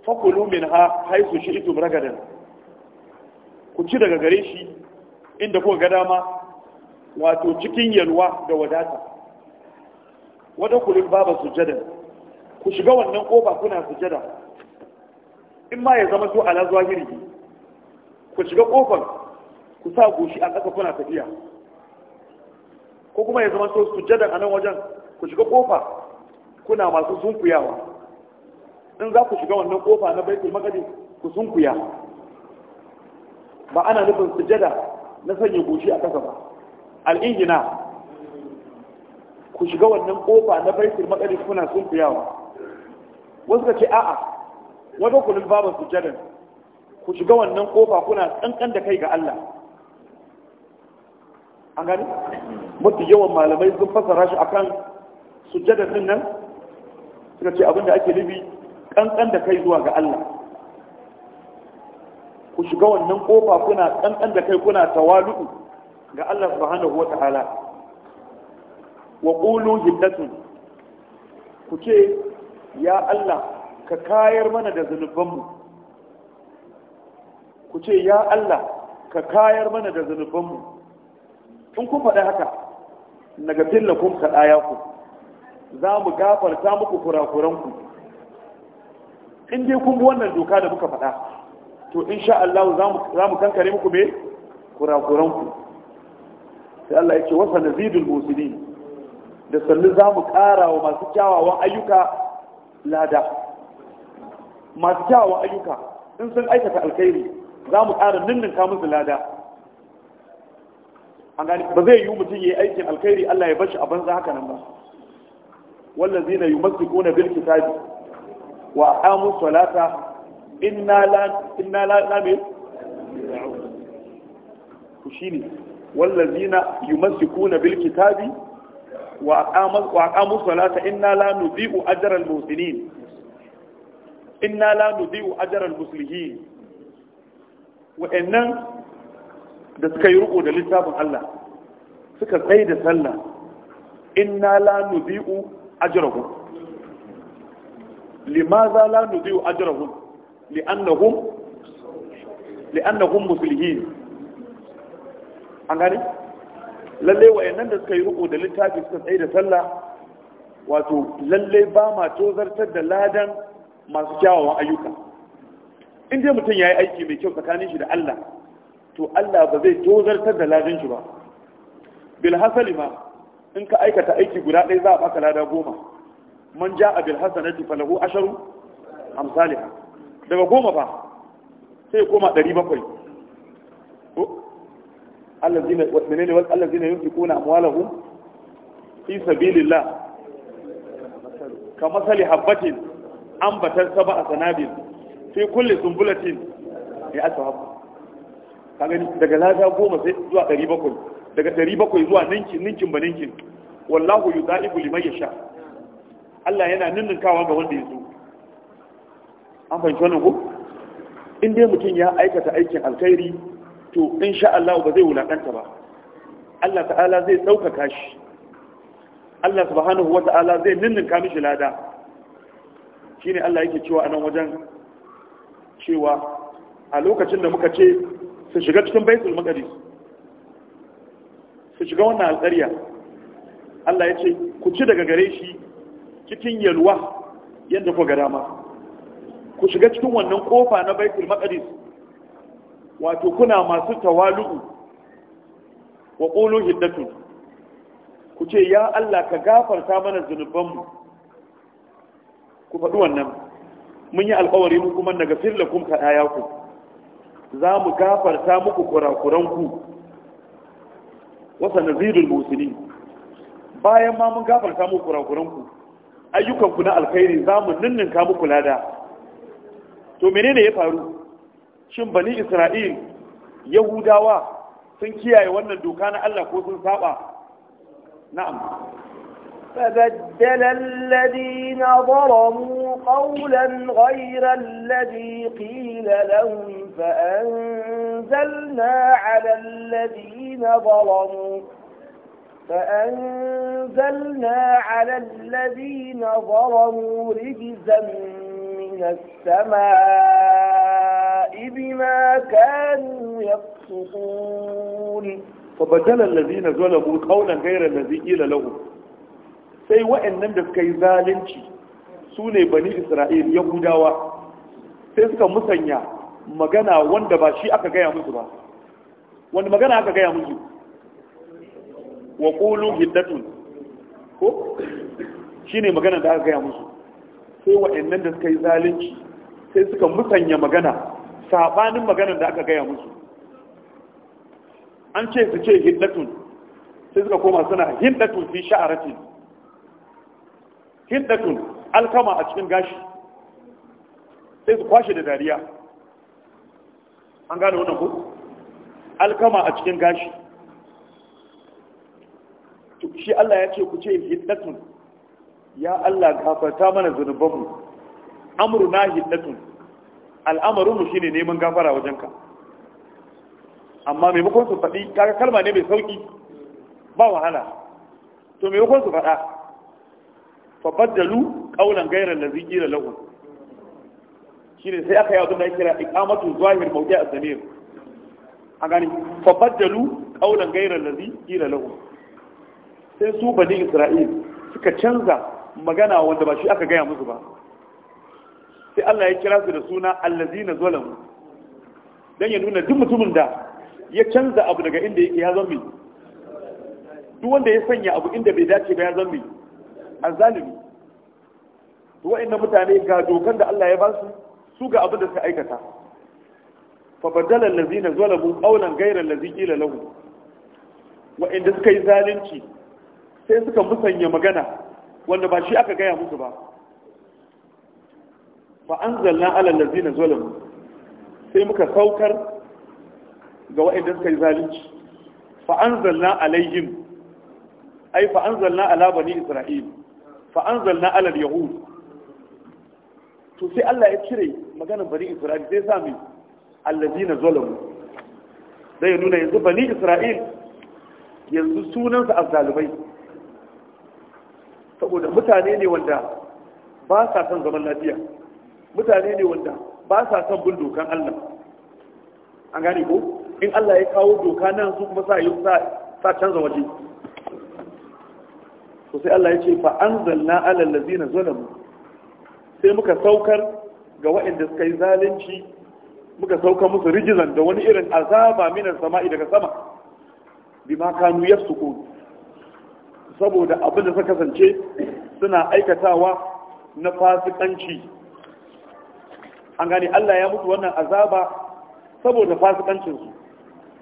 fakulu min ha haisu shi itu ragadan ku ci daga gare shi inda kuka ga dama wato cikin yalwa da wadata ku lin baba sujada ku shiga wannan ƙofa kuna sujada in ma ya zama su ala zahiri ku shiga ƙofar ku sa goshi a ƙasa kuna tafiya ko kuma ya zama so jada a nan wajen ku shiga kofa kuna masu sunkuyawa in za ku shiga wannan kofa na baitul maqdis ku sunkuya ba ana nufin jada na sanya goshi a kasa ba al'ingina ku shiga wannan kofa na baitul maqdis kuna sunkuyawa wasu ka ce a'a wajen kulul babu jada ku shiga wannan kofa kuna tsankan da kai ga Allah an gani mafi yawan malamai sun fasara shi akan sujjada din nan suka ce abinda ake nufi kankan da kai zuwa ga Allah ku shiga wannan kofa kuna kankan da kai kuna tawalu ga Allah subhanahu wa ta'ala wa qulu hiddatun ku ce ya Allah ka kayar mana da zanubanmu ku ce ya Allah ka kayar mana da zanubanmu in kun faɗi haka daga filla kun ya ku za mu gafarta muku kurakuranku in dai kun bi wannan doka da muka faɗa to in sha Allah za mu kankare muku me kurakuranku sai Allah ya ce wasa zidul musulmi da sannu za mu ƙara wa masu kyawawan ayyuka lada masu kyawawan ayyuka in sun aikata alkhairi za mu ƙara ninninka musu lada an gani ba zai yi mutum ya yi aikin alkhairi Allah ya bashi a banza haka nan ba wallazi na yumassikuna bil kitabi wa aqamu salata inna la inna la nabi ku shine bil kitabi wa aqamu wa aqamu salata inna la nudhi'u ajra al muhsinin inna la nudhi'u ajra al muslimin da suka yi riko da littafin Allah suka tsaye da sallah inna la nudi'u ajrahum limaza la nudi'u ajrahum li'annahum li'annahum muslimin an gani lalle wayannan da suka yi riko da littafi suka tsaye da sallah wato lalle ba ma tozartar da ladan masu kyawawan ayyuka in dai mutum ya yi aiki mai kyau tsakanin shi da Allah to Allah ba zai tozartar da ladan shi ba bil hasali ma in ka aikata aiki guda ɗaya za a baka lada goma man ja'a bil hasanati falahu asharu amsalha daga goma fa sai koma 700 allazina wasmanina wal allazina yunfiquna amwalahum fi sabilillah kamasali habbatin ambatan sab'a sanabil fi kulli sunbulatin ya ashabu daga lada goma sai zuwa ɗari bakwai daga ɗari bakwai zuwa ninkin ninkin ba ninkin wallahu yu za'ibu mai yasha Allah yana ninnin kawo ga wanda ya zo an fahimci wannan ko in dai mutum ya aikata aikin alkhairi to in sha Allah ba zai wulakanta ba Allah ta'ala zai ɗaukaka shi Allah subhanahu wa ta'ala zai ninnin ninninka mishi lada shine Allah yake cewa a nan wajen cewa a lokacin da muka ce su shiga cikin baitul maqdis su shiga wannan alƙarya Allah ya ce ku ci daga gare shi cikin yalwa yadda ku ga dama ku shiga cikin wannan kofa na baitul maqdis wato kuna masu tawalu'u wa qulu Hiddatu? ku ce ya Allah ka gafarta mana zunubanmu ku faɗi wannan mun yi alƙawari mu kuma daga firlakum ɗaya ku. za mu gafarta muku kurakuranku wasa nazirul musulmi bayan ma mun gafarta muku kurakuranku ayyukanku na alkhairi za mu ninninka muku lada to menene ya faru shin bani isra'il yahudawa sun kiyaye wannan doka na allah ko sun saba na'am فبدل الذين ظلموا قولا غير الذي قيل لهم فأنزلنا على الذين ظلموا فأنزلنا على الذين ظلموا رجزا من السماء بما كانوا يقصدون فبدل الذين ظلموا قولا غير الذي قيل لهم sai wa'annan da suka yi zalunci su ne bani isra'il yahudawa sai suka musanya magana wanda ba shi aka gaya musu ba wanda magana aka gaya musu wa ƙulu hiddatun ko shi ne magana da aka gaya musu sai wa'annan da suka yi zalunci sai suka musanya magana saɓanin maganar da aka gaya musu an ce su ce hiddatun sai suka koma suna hiddatun fi sha'aratin hiddatun alkama a cikin gashi sai su kwashe da dariya an gane wannan ku alkama a cikin gashi shi Allah ya ce ku ce hiddatun ya Allah gafarta mana zunubanmu amruna hiddatun al'amarinmu shine neman gafara wajenka amma maimakon su faɗi kaga kalma ne mai sauƙi ba wahala to maimakon su faɗa fabaddalu baddalu qawlan ghayra allazi qila lahu shine sai aka yi abin da kira iqamatu zahir mawdi' az-zamir a gani fa baddalu qawlan ghayra allazi qila lahu sai su bani isra'il suka canza magana wanda ba shi aka gaya musu ba sai Allah ya kira su da suna allazina zalamu dan ya nuna duk mutumin da ya canza abu daga inda yake ya zambi duk wanda ya sanya abu inda bai dace ba ya zambi azalimi to wa'annan mutane ga dokan da Allah ya ba su su ga abin da suka aikata fa badala allazina zalabu qawlan ghayra allazi qila Wa wa'anda suka yi zalunci sai suka musanya magana wanda ba shi aka gaya musu ba fa anzalna ala allazina zalamu sai muka saukar ga wa'anda suka yi zalunci fa anzalna alaihim ai fa anzalna ala bani isra'il fa anzalna alal yahud to sai Allah ya cire maganar bani Isra'il sai sa mai na zalamu da ya nuna yanzu bani Isra'il yanzu sunansa azzalumai saboda mutane ne wanda ba sa son zaman lafiya mutane ne wanda ba sa son bin dokan Allah an gane ko in Allah ya kawo doka nan su kuma sa sa canza waje to sai Allah ya ce fa anzalna ala allazina zalamu sai muka saukar ga waɗanda suka yi zalunci muka saukar musu rijizan da wani irin azaba minan sama'i daga sama bima kanu yafsukun saboda abin da suka kasance suna aikatawa na fasikanci an gane Allah ya mutu wannan azaba saboda fasikancinsu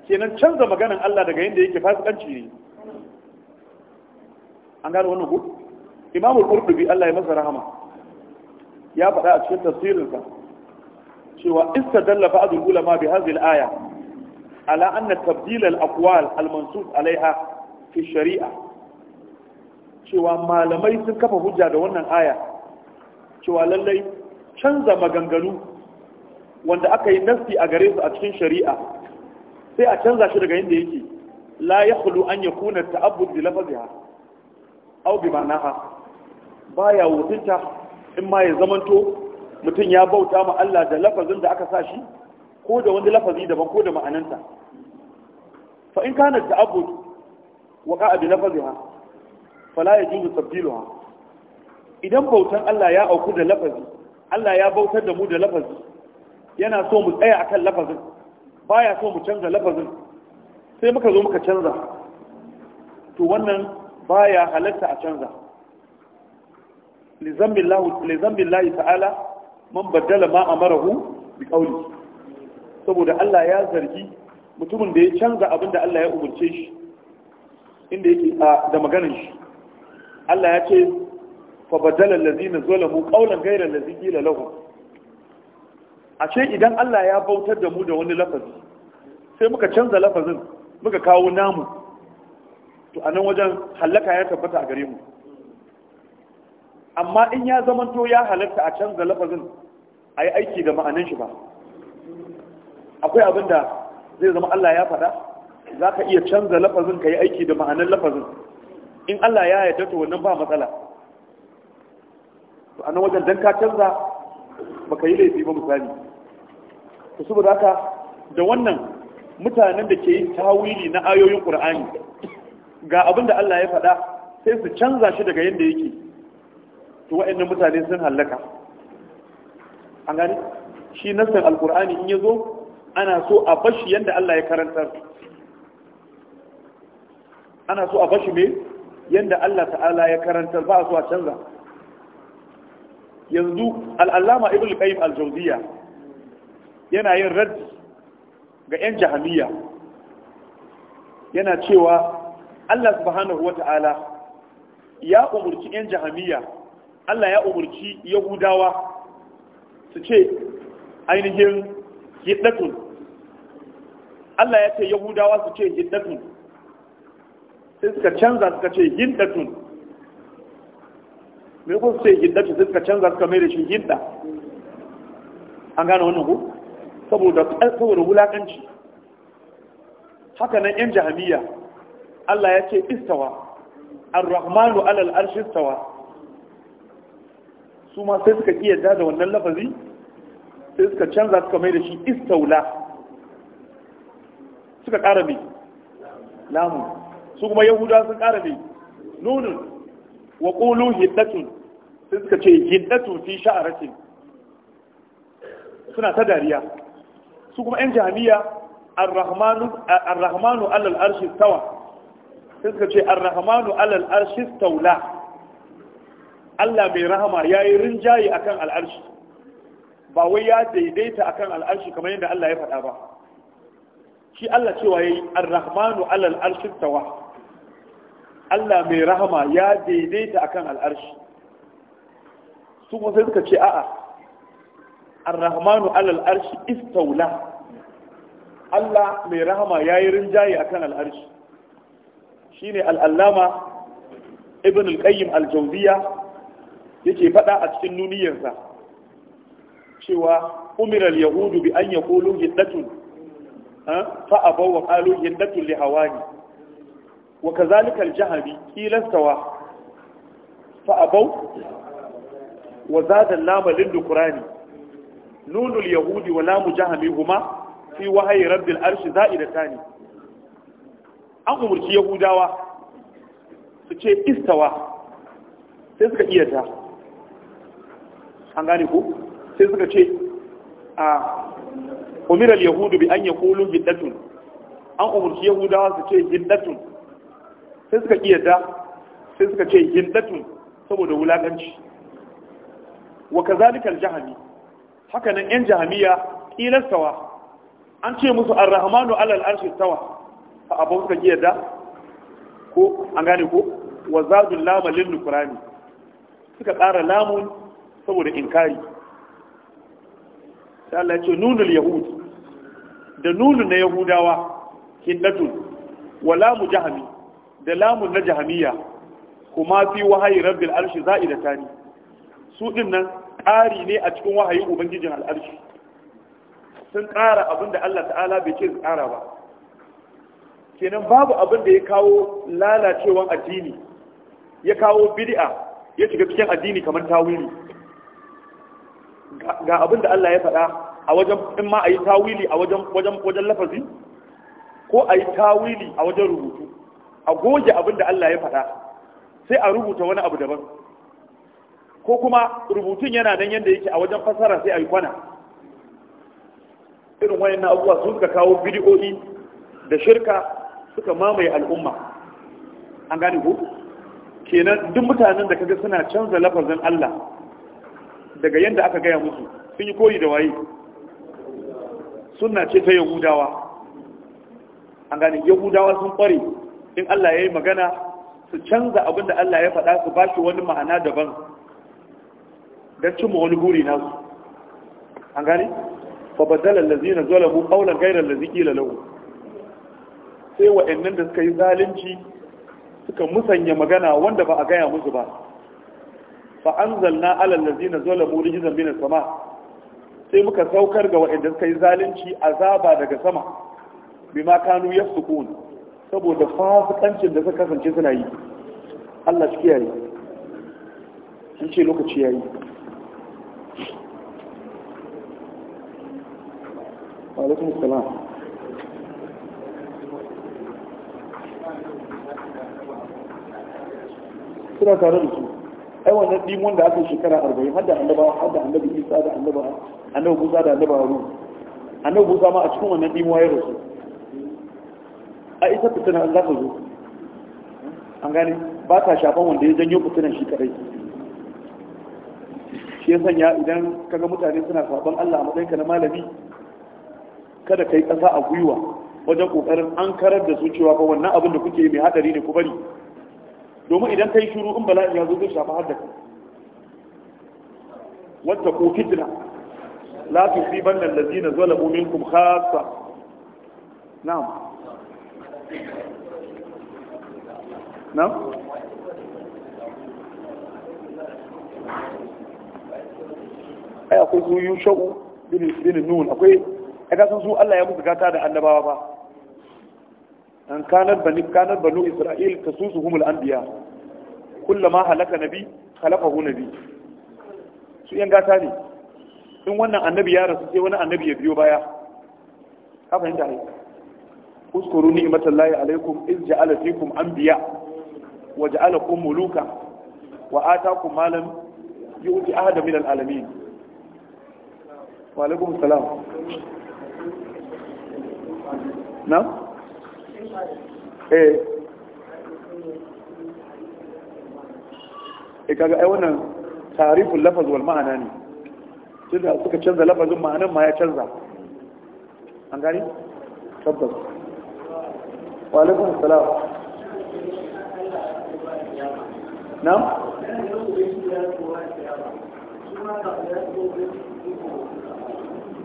kenan canza maganan Allah daga yadda yake fasikanci ne an gane wannan ku imamul qurtubi Allah ya masa rahama ya faɗa a cikin tafsirinsa cewa istadalla ba'd ulama bi hadhihi al-aya ala anna tabdil al-aqwal al-mansub alaiha fi shari'a cewa malamai sun kafa hujja da wannan aya cewa lallai canza maganganu wanda aka yi nasti a gare su a cikin shari'a sai a canza shi daga yadda yake la yakhlu an yakuna ta'abbud bi lafziha au bi ma'anaha baya wutunta in ma ya zamanto mutum ya bauta ma Allah da lafazin da aka sa shi ko da wani lafazi daban ko da ma'ananta fa in kana ta'abbud wa qa'a bi lafaziha fala yajuzu tabdiluha idan bautan Allah ya auku da lafazi Allah ya bautar da mu da lafazi yana so mu tsaya akan lafazin baya so mu canza lafazin sai muka zo muka canza to wannan baya halatta a canza lizambin layi ta'ala man baddala ma a marahu bi ƙauli saboda Allah ya zargi mutumin da ya canza abin da Allah ya umarce shi inda yake da maganin shi Allah ya ce fa baddala lazina zalamu qawlan ghayra allazi qila a ashe idan Allah ya bautar da mu da wani lafazi sai muka canza lafazin muka kawo namu to anan wajen halaka ya tabbata a gare mu amma in ya zamanto ya halarta a canza lafazin a yi aiki da ma'anin shi ba akwai abin da zai zama Allah ya faɗa za ka iya canza lafazin ka yi aiki da ma'anin lafazin in Allah ya yarda to wannan ba matsala to anan wajen dan ka canza baka yi laifi ba misali to saboda haka da wannan mutanen da ke yin tawili na ayoyin Qur'ani ga abin da Allah ya faɗa sai su canza shi daga yadda yake to wa'annan mutane sun hallaka an gani shi nassan alkur'ani in ya zo ana so a bashi yadda Allah ya karantar ana so a bashi me yadda Allah ta'ala ya karantar ba a so a canza yanzu al'allama ibn qayyim al-jawziya yana yin raddi ga 'yan jahamiyya yana cewa Allah subhanahu ta'ala ya umurci yan jahamiya Allah ya umurci yahudawa su ce ainihin hiddatun Allah ya ce yahudawa su ce hiddatun sai suka canza suka ce hiddatun me ko su ce hiddatun sai suka canza suka mai da shi hidda an gane wannan ku saboda saboda wulakanci haka nan yan jahamiya Allah ya ce istawa ar-rahmanu alal arshi istawa su ma sai suka iya da wannan lafazi sai suka canza suka mai da shi istaula suka ƙara mai lamu su kuma yahuda sun ƙara mai nunin wa ƙulu hiddatun sai suka ce hiddatun fi sha'aratin suna ta dariya su kuma 'yan jami'a ar-rahmanu alal arshi tawa sai suka ce ar-rahmanu alal arshi taula Allah mai rahama yi rinjaye akan al'arshi ba wai ya daidaita akan al'arshi kamar yadda Allah ya faɗa ba shi Allah cewa yayi ar-rahmanu alal arshi tawa Allah mai rahama ya daidaita akan al'arshi su kuma sai suka ce a'a ar-rahmanu alal arshi istaula Allah mai rahama yi rinjaye akan al'arshi shine al'allama ibn al-qayyim al-jawziya yake faɗa a cikin nuniyarsa cewa umira al-yahudu bi an yaqulu hiddatun fa abaw wa qalu hiddatun li hawani wa kadhalika al-jahabi qila sawa fa abaw wa zada al-lam lil-qurani nunul yahudi wa lamu jahami huma fi wahyi rabbil arsh za'idatani an umarci yahudawa su ce istawa sai suka iya ta an gane ku sai suka ce a umiral yahudu bi an yaqulu hiddatun an umarci yahudawa su ce hiddatun sai suka iya ta sai suka ce hiddatun saboda wulaganci wa kazalikal jahami haka nan yan jahamiya kilastawa an ce musu arrahmanu alal arshi tawa fa abun suka da? ko an gane ko wa zadul lama lil nukrani suka ƙara lamun saboda inkari sai Allah ce nunul yahud da nunu na yahudawa hindatun wa lamu jahami da lamun na jahamiya kuma fi wahayi rabbil arshi tani su din nan ƙari ne a cikin wahayin ubangijin al'arshi sun ƙara da Allah ta'ala bai ce su ƙara ba kenan babu abin da ya kawo lalacewan addini ya kawo bid'a ya shiga cikin addini kamar tawili ga abin da Allah ya faɗa a wajen in ma a yi tawili a wajen wajen wajen lafazi ko a yi tawili a wajen rubutu a goge abin da Allah ya faɗa sai a rubuta wani abu daban ko kuma rubutun yana nan yadda yake a wajen fasara sai a yi kwana irin wayannan abubuwa sun ka kawo bid'o'i da shirka suka mamaye al'umma an gani ku kenan duk mutanen da kaga suna canza lafazin Allah daga yanda aka gaya musu sun yi koyi da waye sunna ce ta yahudawa an gani yahudawa sun kware in Allah ya yi magana su canza abin da Allah ya faɗa su ba shi wani ma'ana daban don cimma wani buri nasu an gane fa badala allazina zalamu qawlan ghayra allazi qila lahu sai waɗannan da suka yi zalunci suka musanya magana wanda ba a gaya musu ba fa anzalna na allazina zalamu rijzan min sama sai muka saukar ga waɗanda suka yi zalunci azaba daga sama ma kanu yafsukun saboda fasikancin da suka kasance suna yi Allah shi kiyaye shi ce lokaci yayi wa alaikum assalam suna tare da su ai wannan dimon da aka shekara arba'in har da hadda har da annabi isa da annaba annabi musa da annaba harun annabi musa ma a cikin wannan dimo ya rasu a ita fitina za ta zo an gane ba ta shafan wanda ya janyo fitinan shi kadai shi ya sanya idan kaga mutane suna saban Allah a matsayinka na malami kada kai kasa a gwiwa wajen kokarin an karar da su cewa ba wannan abin da kuke mai hadari ne ku bari domin idan kai shiru in bala'i ya zo zai shafi haddaka wata ko fitna la tusiban nan lazina zalamu minkum khassa na'am na'am ai akwai su yi shau bin nun akwai ai ka san su Allah ya musu gata da annabawa ba an kanar bani kanar banu isra'il kasusuhumul anbiya kullama halaka nabi khalaqahu nabi su yan gata ne in wannan annabi ya rasu sai wani annabi ya biyo baya ka fahimta ne uskuru ni'matallahi alaikum iz ja'ala fikum anbiya wa kum muluka wa atakum ma lam yu'ti ahada min alalamin wa alaikum salam na eh E, kaga ai wannan tariful lafaz wal ma'ana ne da suka canza lafazin ma'anan ma ya canza an gani tabbas wa alaikum salam. na'am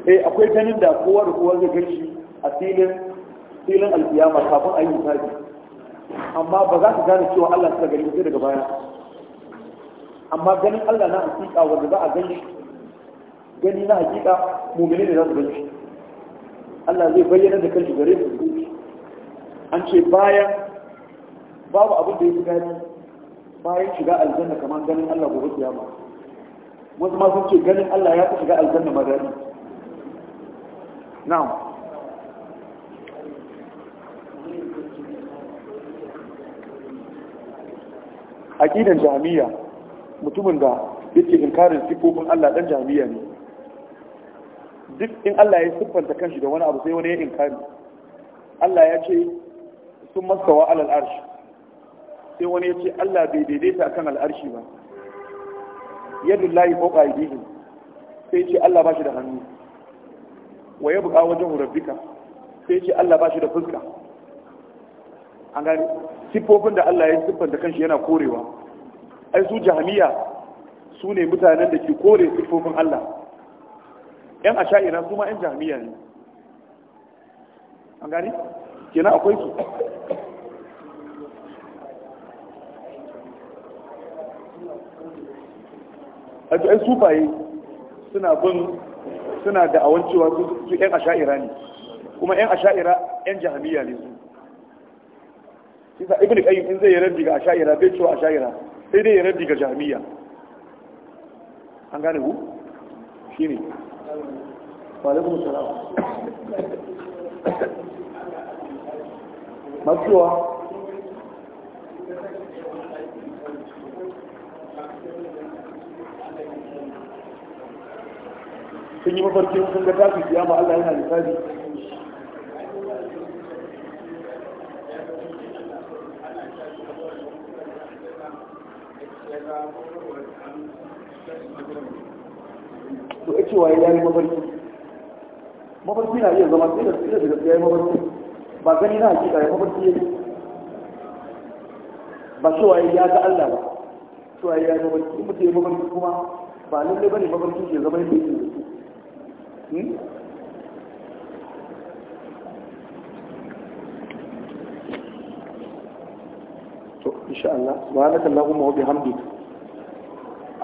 eh akwai ganin da kowa da kowa zai gashi a filin filin alkiyama kafin ayyuka amma ba za ka gane cewa Allah ta gari sai daga baya amma ganin Allah na hakika wanda za a gan gani na hakika mumini ne za su gan Allah zai bayyana da kanshi gare su an ce bayan babu abin da ya fi gani bayan shiga aljanna kamar ganin Allah gobe kiyama wasu ma sun ce ganin Allah ya fi shiga aljanna ma daɗi na'am aqidan jami'a mutumin da yake inkarin sifofin Allah dan jami'a ne duk in Allah ya siffanta kanshi da wani abu sai wani ya inkari Allah ya ce sun masawa alal arshi sai wani ya ce Allah bai daidaita akan al'arshi ba yadda layi fauka aidihim sai ce Allah ba shi da hannu wa ya buƙa wajen rabbika sai ce Allah ba shi da fuska an gani siffofin da Allah ya siffanta kanshi yana korewa ai su jahamiya su ne mutanen da ke kore siffofin Allah yan asha'ira su ma yan jahamiya ne an gani kenan akwai su a ai sufaye suna bin suna da awon cewa su yan asha'ira ne kuma yan asha'ira yan jahamiya ne su isa ibn qayyim in zai yi rabbi ga asha'ira bai cewa asha'ira sai dai ya raddi ga jami'a an gane ku shi ne matsuwa sun yi mafarkin sun ga tafi ma Allah yana tafi to a cewa ya yi mafarki mafarki na iya zama tsira tsira da gaskiya ya yi mafarki ba gani na hakika ya mafarki ya yi ba cewa ya ga Allah ba cewa ya yi mafarki mutu mutum ya mafarki kuma ba ba ne mafarki ke zama ya yi hmm? to insha Allah subhanaka allahumma wa bihamdika